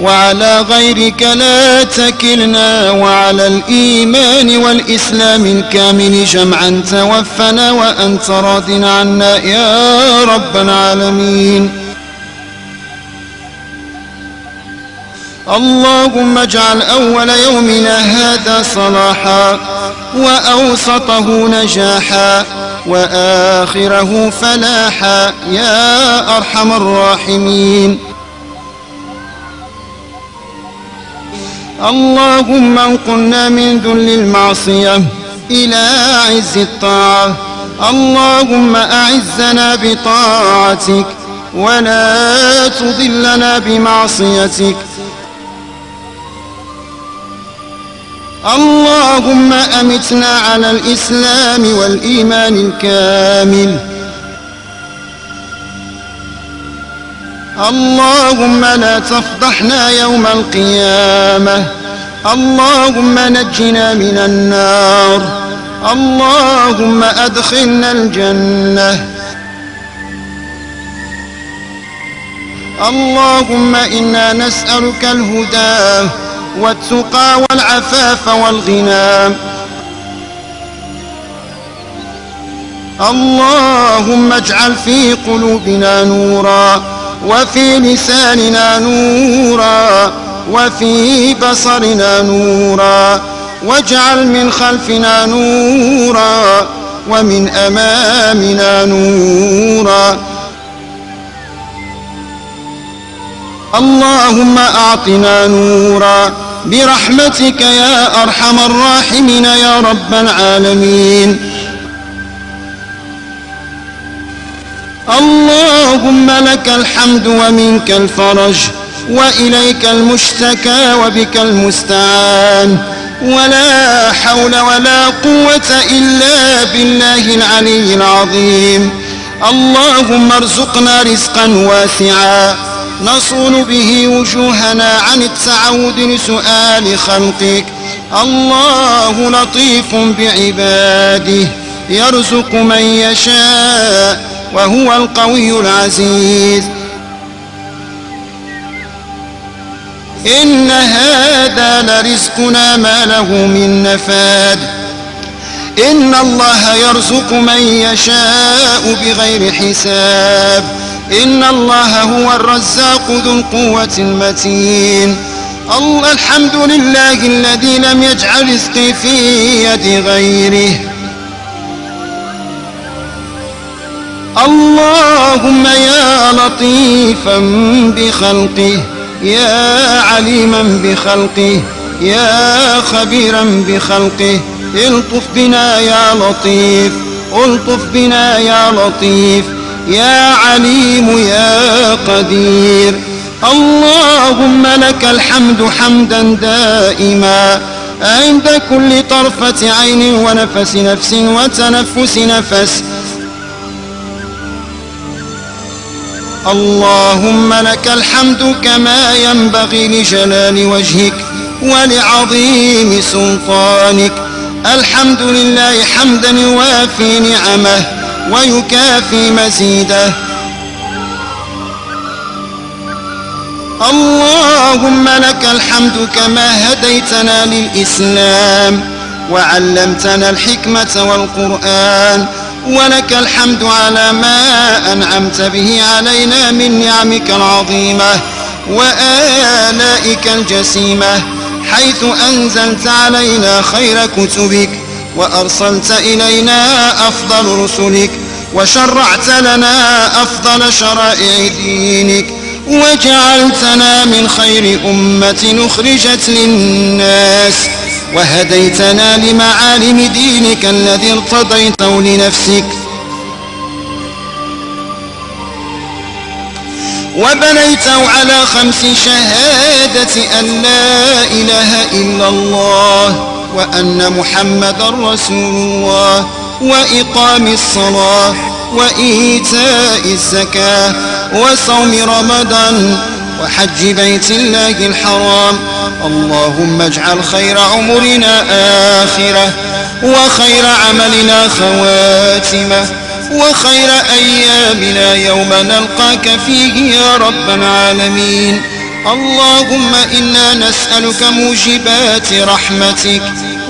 وعلى غيرك لا تكلنا وعلى الإيمان والإسلام الكامل جمعا توفنا وأنت راض عنا يا رب العالمين اللهم اجعل أول يومنا هذا صلاحا وأوسطه نجاحا وآخره فلاحا يا أرحم الراحمين اللهم انقلنا من ذل المعصية إلى عز الطاعة اللهم أعزنا بطاعتك ولا تضلنا بمعصيتك اللهم أمتنا على الإسلام والإيمان الكامل اللهم لا تفضحنا يوم القيامة اللهم نجنا من النار اللهم أدخلنا الجنة اللهم إنا نسألك الهدى والتقى والعفاف والغنى اللهم اجعل في قلوبنا نوراً وفي لساننا نورا وفي بصرنا نورا واجعل من خلفنا نورا ومن أمامنا نورا اللهم أعطنا نورا برحمتك يا أرحم الراحمين يا رب العالمين اللهم لك الحمد ومنك الفرج وإليك المشتكى وبك المستعان ولا حول ولا قوة إلا بالله العلي العظيم اللهم ارزقنا رزقا واسعا نصون به وجوهنا عن التعود لسؤال خلقك الله لطيف بعباده يرزق من يشاء وهو القوي العزيز إن هذا لرزقنا ما له من نفاد إن الله يرزق من يشاء بغير حساب إن الله هو الرزاق ذو القوة المتين الحمد لله الذي لم يجعل رزقي في يد غيره اللهم يا لطيفا بخلقه يا عليما بخلقه يا خبيرا بخلقه الطف بنا يا لطيف الطف بنا يا لطيف يا عليم يا قدير اللهم لك الحمد حمدا دائما عند كل طرفة عين ونفس نفس وتنفس نفس اللهم لك الحمد كما ينبغي لجلال وجهك ولعظيم سلطانك الحمد لله حمدا يوافي نعمه ويكافي مزيده اللهم لك الحمد كما هديتنا للإسلام وعلمتنا الحكمة والقرآن ولك الحمد على ما أنعمت به علينا من نعمك العظيمة وآلائك الجسيمة حيث أنزلت علينا خير كتبك وأرسلت إلينا أفضل رسلك وشرعت لنا أفضل شرائع دينك وجعلتنا من خير أمة أخرجت للناس وهديتنا لمعالم دينك الذي ارتضيته لنفسك وبنيته على خمس شهادة أن لا إله إلا الله وأن محمد رسول الله وإقام الصلاة وإيتاء الزكاة وصوم رمضان وحج بيت الله الحرام اللهم اجعل خير عمرنا آخرة وخير عملنا خواتمة وخير أيامنا يوم نلقاك فيه يا رب العالمين اللهم إنا نسألك موجبات رحمتك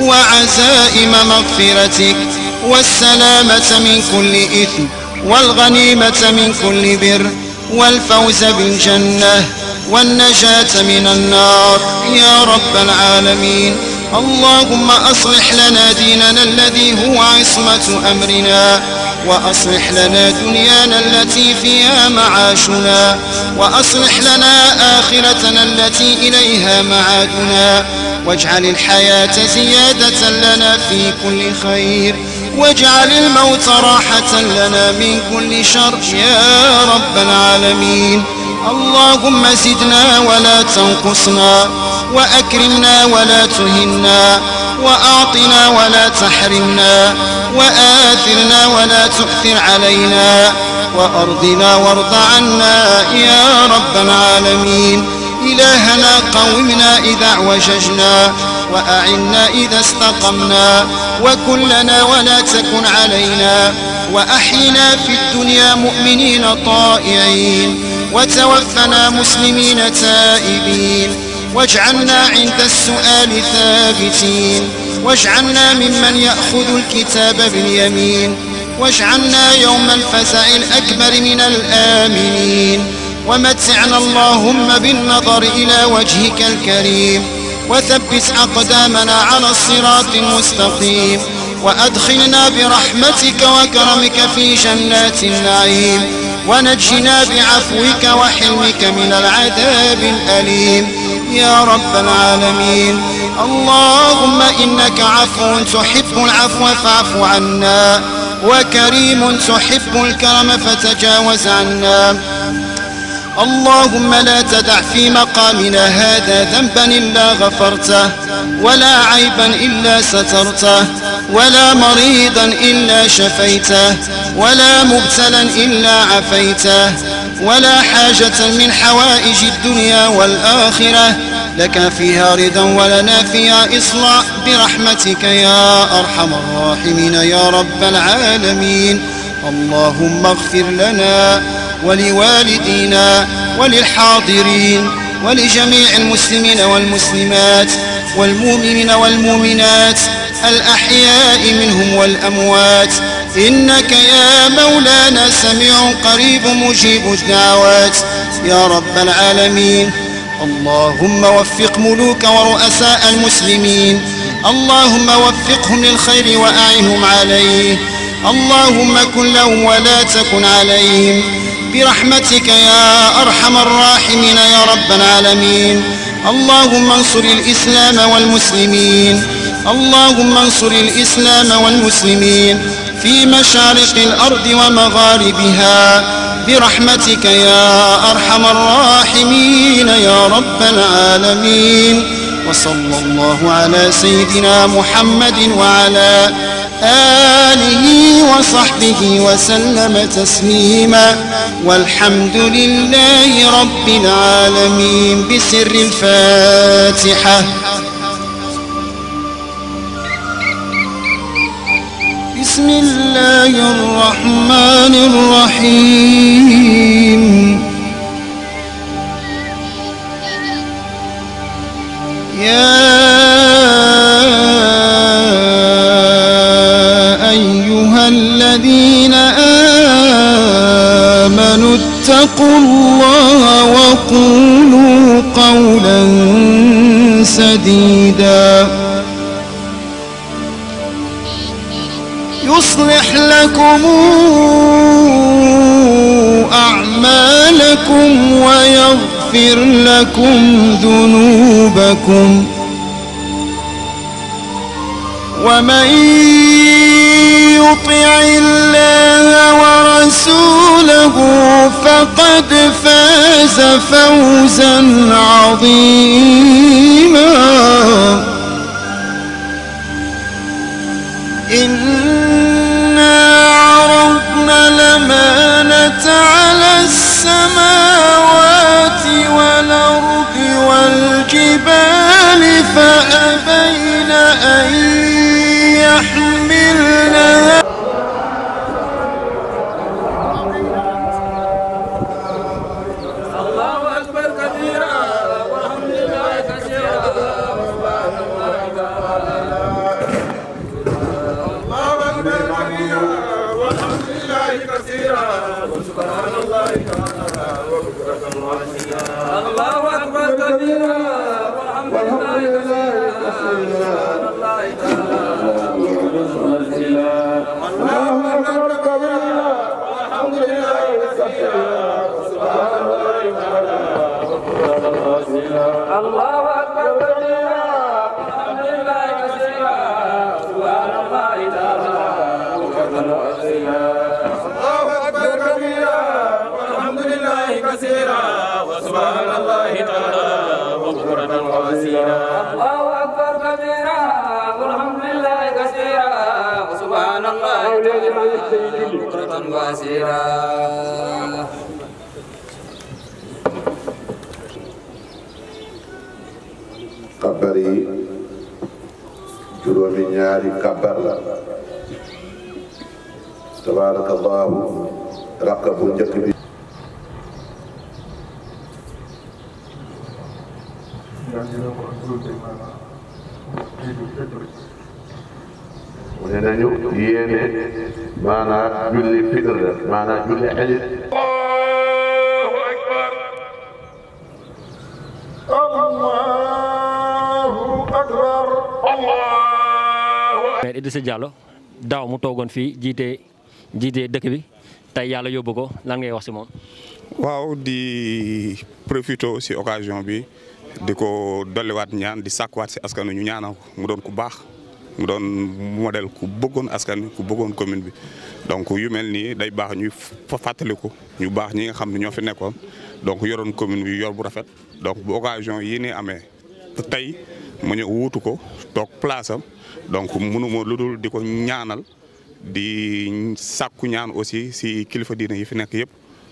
وعزائم مغفرتك والسلامة من كل إثم والغنيمة من كل بر والفوز بالجنة والنجاة من النار يا رب العالمين اللهم أصلح لنا ديننا الذي هو عصمة أمرنا وأصلح لنا دنيانا التي فيها معاشنا وأصلح لنا آخرتنا التي إليها معادنا واجعل الحياة زيادة لنا في كل خير واجعل الموت راحة لنا من كل شر يا رب العالمين اللهم زدنا ولا تنقصنا وأكرمنا ولا تهنا وأعطنا ولا تحرمنا وآثرنا ولا تؤثر علينا وأرضنا وارض عنا يا رب العالمين إلهنا قومنا إذا وججنا وأعنا إذا استقمنا وكلنا ولا تكن علينا وأحينا في الدنيا مؤمنين طائعين وتوفنا مسلمين تائبين واجعلنا عند السؤال ثابتين واجعلنا ممن يأخذ الكتاب باليمين واجعلنا يوم الفزع الأكبر من الآمنين ومتعنا اللهم بالنظر إلى وجهك الكريم وثبت أقدامنا على الصراط المستقيم وأدخلنا برحمتك وكرمك في جنات النعيم ونجنا بعفوك وحلمك من العذاب الأليم يا رب العالمين اللهم إنك عفو تحب العفو فاعف عنا وكريم تحب الكرم فتجاوز عنا اللهم لا تدع في مقامنا هذا ذنبا إلا غفرته ولا عيبا إلا سترته ولا مريضا إلا شفيته ولا مبتلا إلا عفيته ولا حاجة من حوائج الدنيا والآخرة لك فيها رضا ولنا فيها إصلاح برحمتك يا أرحم الراحمين يا رب العالمين اللهم اغفر لنا ولوالدينا وللحاضرين ولجميع المسلمين والمسلمات والمؤمنين والمؤمنات الأحياء منهم والأموات إنك يا مولانا سميع قريب مجيب الدعوات يا رب العالمين اللهم وفق ملوك ورؤساء المسلمين اللهم وفقهم للخير وأعنهم عليه اللهم كن لهم ولا تكن عليهم برحمتك يا أرحم الراحمين يا رب العالمين اللهم انصر الإسلام والمسلمين اللهم انصر الإسلام والمسلمين في مشارق الأرض ومغاربها برحمتك يا أرحم الراحمين يا رب العالمين وصلى الله على سيدنا محمد وعلى آله آله وصحبه وسلم تسليما والحمد لله رب العالمين بسر الفاتحة بسم الله الرحمن الرحيم اتقوا الله وقولوا قولا سديدا يصلح لكم أعمالكم ويغفر لكم ذنوبكم ومن يطع الله ورسوله فقد فاز فوزا عظيما إنا عرضنا الأمانة على السماوات سبحان الله تعالى بكرة وأسيرا الله أكبر كبيرا والحمد لله كثيرا وسبحان الله تعالى بكرة وأسيرا kabar Allah ñaari kabar la bi Sudirman ne nañu yéene maanaa julli fitr la maanaa julli xajit allahu akbar allahu akbar allah maire Idrissa Diallo daaw mu togon fii jiite jiite dëkk bi tey yàlla yóbbu ko lan ngay wax waaw di profito si occasion bi di ko dolliwaat ñaan di sàkkuwaat si askan ñu ñaanal mu doon ku baax mu doon modèle ku bëggoon askan wi ku bëggoon commune bi donc yu mel nii day baax ñuy fàttaliku ñu baax ñi nga xam ne ñoo fi nekkoon donc yoroon commune bi yor bu rafet donc bu occasion yii nii amee tey mu ñëw wuutu ko toog place am donc mënuma lu dul di ko ñaanal di sàkku ñaan aussi si kilifa diine yi fi nekk yëpp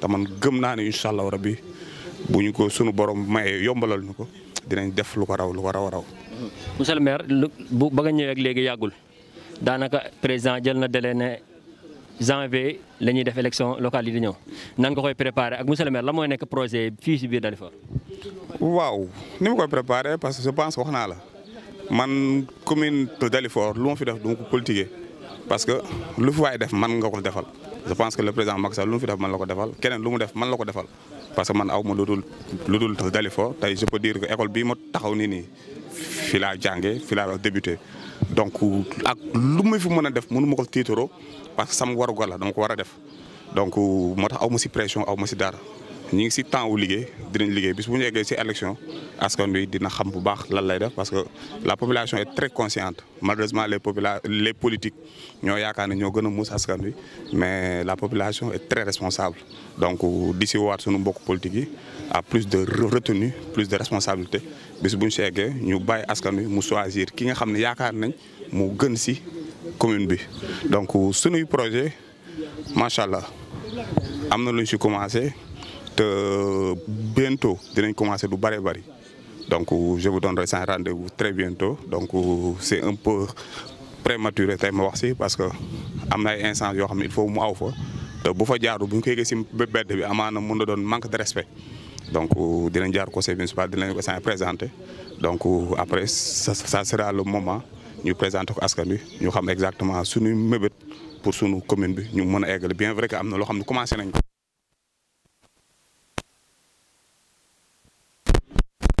te man ko borom yombalal dinañ def lu ko raw lu raw raw. monsieur le maire bu ba nga ak léegi yagul danaka président jël na janvier lañuy def élection locale yi di nan nga koy préparer ak monsieur le maire la projet fi ci biir waaw ni koy préparer parce que je pense wax la man commune de dalifor lu fi def parce que lu fi def man nga ko je pense que le président Macky Sall fi def man la ko defal keneen mu def man la ko defal parce que man aw ma lu dul lu dul Dalifort tey je peux dire que école bii ma taxaw nii nii fi laa jàngee fi laa débuté donc ak lu mu fi mën a def mënu ma ko tiitaroo parce que sama warugar la dama ko war a def donc moo tax aw ma si pression aw ma si dara. nous ngi si temps wu nous dinañ liggéey bis élection askan wi dina xam bu baax lan lay parce que la population est très consciente malheureusement les les politiques ñoo yaakaar ne ñoo gën a muus askan mais la population est très responsable donc d'ici si waat suñu mbokk politique yi à plus de retenue plus de responsabilité bis bu ñu ñu bàyyi askan wi mu choisir ki nga xam ne yaakaar nañ mu gën commune bi donc ce projet Machallah, nous avons commencé te bientôt dinañ commencer le bari bari donc je vous donnerai un rendez-vous très bientôt donc c'est un peu prématuré tey ma wax si parce que am na ay xam ne il faut mu aw fa te bu fa jaaru bu ñu ko yëgee si bedd bi amaana mun na manque de respect donc dinañ jaar conseil municipal dinañ ko saa présenté donc après ça sera le moment ñu présenter ko askan wi Nous xam exactement suñu mébét pour suñu commune bi ñu mën bien vrai que nous na commencé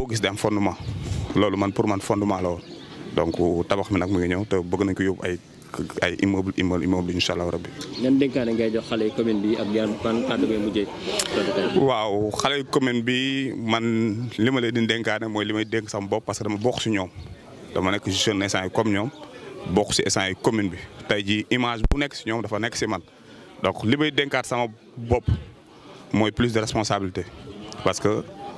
boo gis di am fondement loolu man pour man fondement la woon donc euh, tabax mi nag mu ngi ñëw te bëgg nañ ko yóbbu ay ay immeuble immeuble immeuble incha allah rabbi. yan dénkaane ngay jox xale commune bi ak yan ban kàddu ngay mujjee. waaw xale commune bi man li ma leen di dénkaane mooy li may dénk sama bopp parce que dama bokk si ñoom dama nekk jeune instant yi comme ñoom bokk si instant yi commune bi tey jii image bu nekk si ñoom dafa nekk si man donc li may dénkaat sama bopp mooy plus de responsabilité parce que.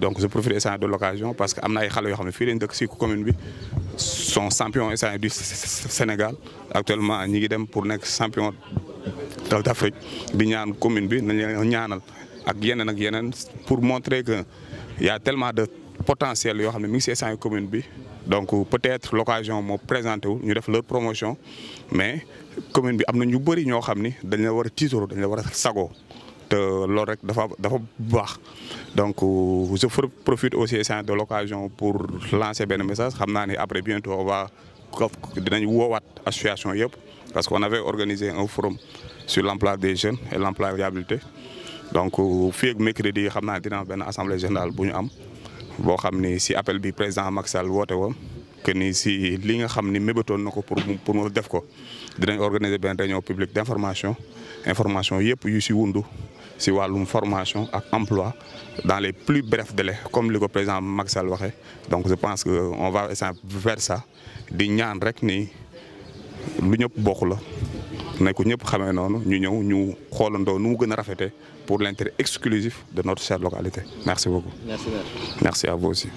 donc je profite instant de l'occasion parce que am na ay xale yoo xam ne fii lañ dëkk si commune bi sont champion instant du Sénégal actuellement ñi ngi dem pour nek champion d'Afrique bi ñaan commune bi nañ leen ñaanal ak yeneen ak yenen pour montrer que y a tellement de potentiel yo xamné mi ngi si instant commune bi donc peut-être l'occasion mo présenté wu ñu def leur promotion mais commune bi amna ñu bëri ño xamné dañ la wara titre dañ la wara sago donc euh, je profite aussi de l'occasion pour lancer un message ni après bientôt on va dinañ woowaat association parce qu'on avait organisé un forum sur l'emploi des jeunes et l'emploi donc la euh, viabilité. mercredi yi xam naa dina l'Assemblée assemblée générale bu am si appel bi président Maxal que ni si li pour organiser réunion publique d'information, information pour yu si si formation emploi dans les plus brefs délais comme le président Max donc je pense que va vers ça di ñaan rek ni lu pour l'intérêt exclusif de notre chère localité merci beaucoup. merci à vous aussi.